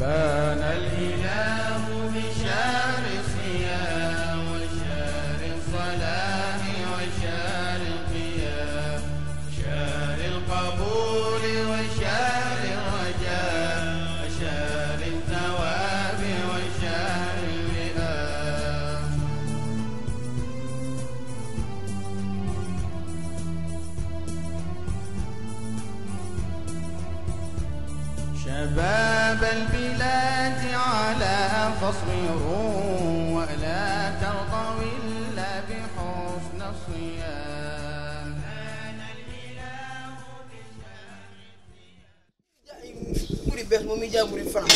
أبان الإله بشار الصيام وشار الصلاة وشار القيام شار القبول وشار الرجاء وشار الثواب وشار الرئام شباب شعب البلاد على فاصبروا ولا ترضوا إلا بحسن الصيام muri bes momi ja muri fran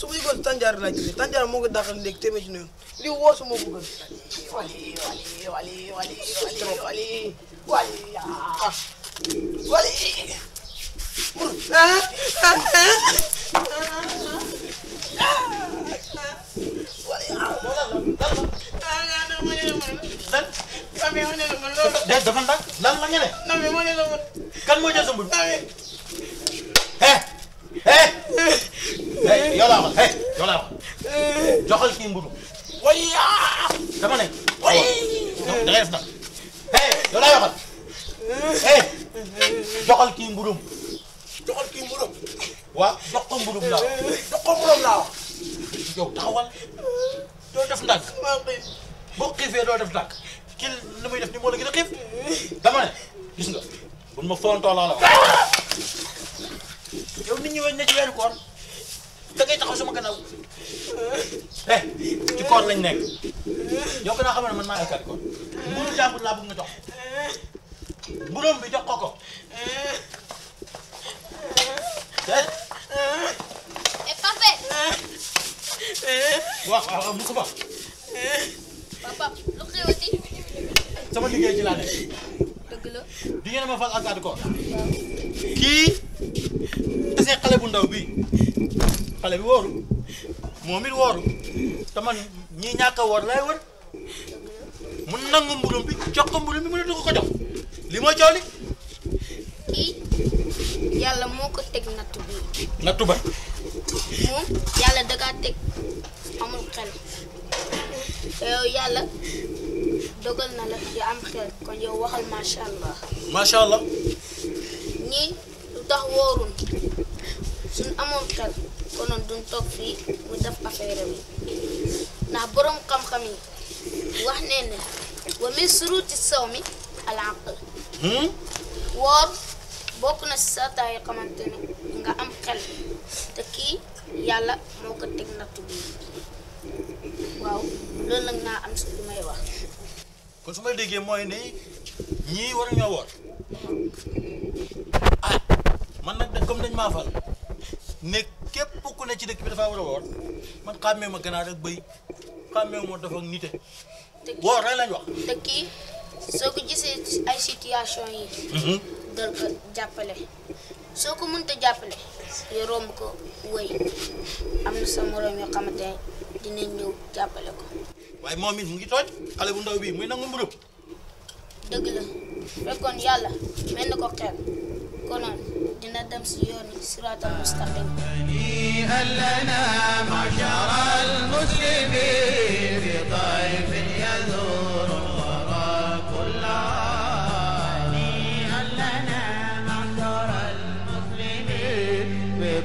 so ko ko tanjar la ci tanjar mo ko daxal nek témé ci non li wosu mo ko gën wali wali wali wali wali wali wali wali déet dafa ndànk lan la ñu ne. non mais moo ne la woon. kan moo jël sa mbir. eh eh. yow laa wax eh yow laa wax joxal kii mbudu. wayaa. dama ne. wayi. donc da ngay def nag. eh yow laa waxal. eh joxal kii mbudum. joxal kii mbudum. waaw jox ko mbudum laa jox ko yow taxawal doo def ndànk boo xiifee doo def ndànk kii li muy def ni moo la gën a xiif dama ne gis nga buñ ma fontoo laa la wax yow nit ñi weñ ne ci weeru koor da ngay taxaw sama gannaaw eh ci koor lañ nekk yow gannaaw xam ne man maa ngi koor mburu jàmbur laa bëgg nga jox mburoom bi jox ko ko waaw waaw bu ko ba lu xew ci sama liggéey ci dëgg la di ngeen ma fal ak ad ko kii ese xale bu ndaw bi xale bi wóoru moom it wóoru te man ñàkk a wóor wër mu nangu mburum bi jox ko mburum bi mu ne du ko ko li mooy coow kii yàlla moo ko teg nattu bi nattu ba moom yàlla da teg amul xel yow yàlla dogal na la yu am xel kon yow waxal macha allah. macha allah. ñii lu tax wóorul suñ amoon xel konoon duñ toog fii mu def affaire bi ndax borom xam-xam yi wax nee na wa min suruuti sawmi al aql woor bokk na si saataa yoo xamante ne nga am xel te kii yàlla moo ko teg natt bi waaw loolu nag naa am si lu wax. kon su ma déggee mooy ne ñii war ñoo woor ah man nag de comme dañ maa fal ne képp ku ne ci dëkk bi dafa war a woor man xàmmee ganaar ak bëy xàmmee dafa nite. ay situation yi. Mhm. dal ko jàppale. soo ko mënta jàppale. yow ko wëy am na sa moroom yoo xamante dinañ ñëw jàppale ko. waaye moom it mu ngi tooñ xale bu ndaw bii muy nangu mburub. dëgg la fekkoon yàlla mel na ko xel konoon dina dem si yoon yi siraatal mustaqim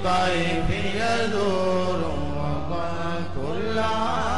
طيب يدور Ram